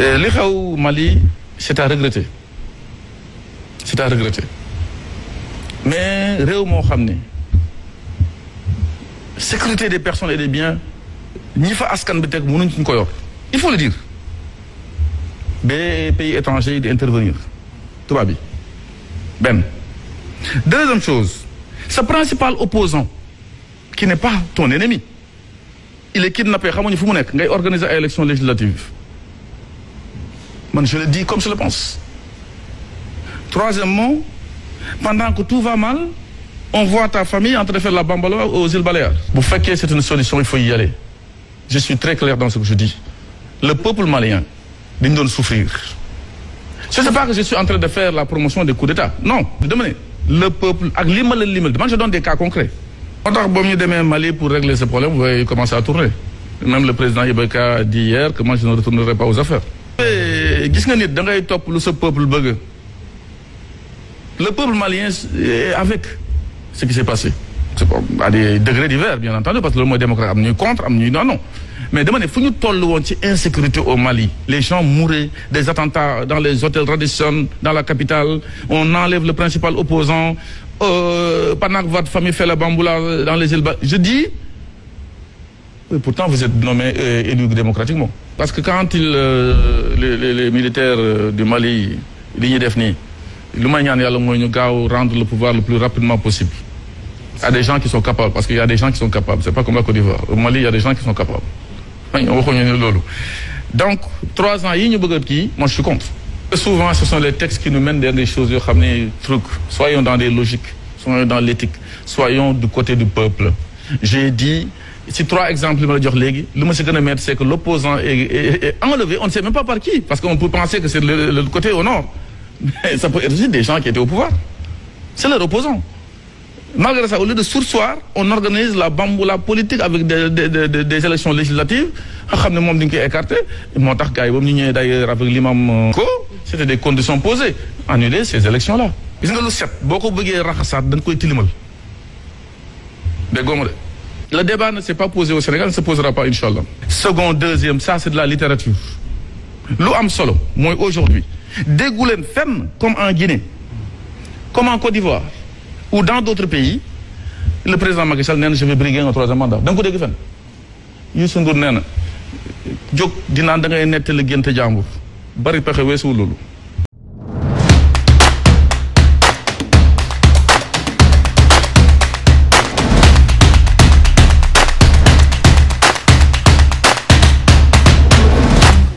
Euh, li xew Mali c'est à regretter c'est à regretter mais réew moo xam ne sécurité des personnes et des biens ñi fa askan bi teg mënuñ suñ ko yor il faut le dire ba pays étrangers de intervenir tubaab bi benn deuxième chose sa principal opposant qui n'est pas ton ennemi il est kidnappé xamuñu fu mu nekk ngay organiser ay élections législatives man je le dis comme je le pense troisièmement pendant que tout va mal on voit ta famille en train de faire la bambaloa aux îles Baléares bu fekkee c'est une solution il faut y aller je suis très clair dans ce que je dis le peuple malien dañu doon souffrir ce n'est pas que je suis en train de faire la promotion des coups d'État non dama ne le peuple ak li ma la limal man je donne des cas concrets moo tax boobu ñu demee Mali pour régler ce problème vous voyez commencer à tourner même le président Ibeka gis nga nit da ngay topp lu sa peuple bëgg le peuple malien est avec ce qui s'est passé à des degrés divers bien entendu parce que loolu mooy démocrate am ñuy contre am ñuy non non mais dama ne insécurité au Mali les gens mouraient des attentats dans les hôtels Radisson dans la capitale on enlève le principal opposant euh, Panak Vat famille fait la bamboula dans les îles ba je dis pourtant vous êtes nommé euh, élu démocratiquement parce que quand euh, les les militaires euh, du Mali li ñuy def nii lu may ñaan yàlla mooy ñu gaaw rendre le pouvoir le plus rapidement possible y a des gens qui sont capables parce que y a des gens qui sont capables c'est pas comme la Côte d'Ivoire au Mali y des gens qui sont capables waxuñu ne loolu donc trois ans yii ñu bëgg a kii moi je suis contre souvent ce sont les textes qui nous mènent des choses yoo xam ne truc soyons dans des logiques soyons dans l'éthique soyons du côté du peuple j'ai dit si trois exemples yi ma la jox léegi lu ma si gën a mettre c'est que l'opposant est, est, est enlevé on ne sait même pas par qui parce qu'on peut penser que c'est le, côté au des gens qui étaient au pouvoir c'est leur opposant malgré ça au lieu de surseoir on organise la bamboula politique avec des des des, élections législatives nga xam ne moom dañu koy écarté moo tax gars yi ba mu ñu ñëwee d'ailleurs avec l'imam euh, ko c'était des conditions posées annuler ces élections là gis nga lu set boo ko bëggee raxasaat dañ koy tilimal déggoo ma de le débat ne s'est pas posé au Sénégal ne se posera pas incha allah. second deuxième ça de la littérature lu am solo mooy aujourd'hui déggu leen fenn comme en Guinée comme en Côte d'Ivoire ou dans d'autres pays le président Macky Sall nee na je vais briguer un troisième mandat da ko dégg fenn Youssou Ndour nee na jóg dinaan da ngay nettali gént jàmbur bari pexe weesuwul loolu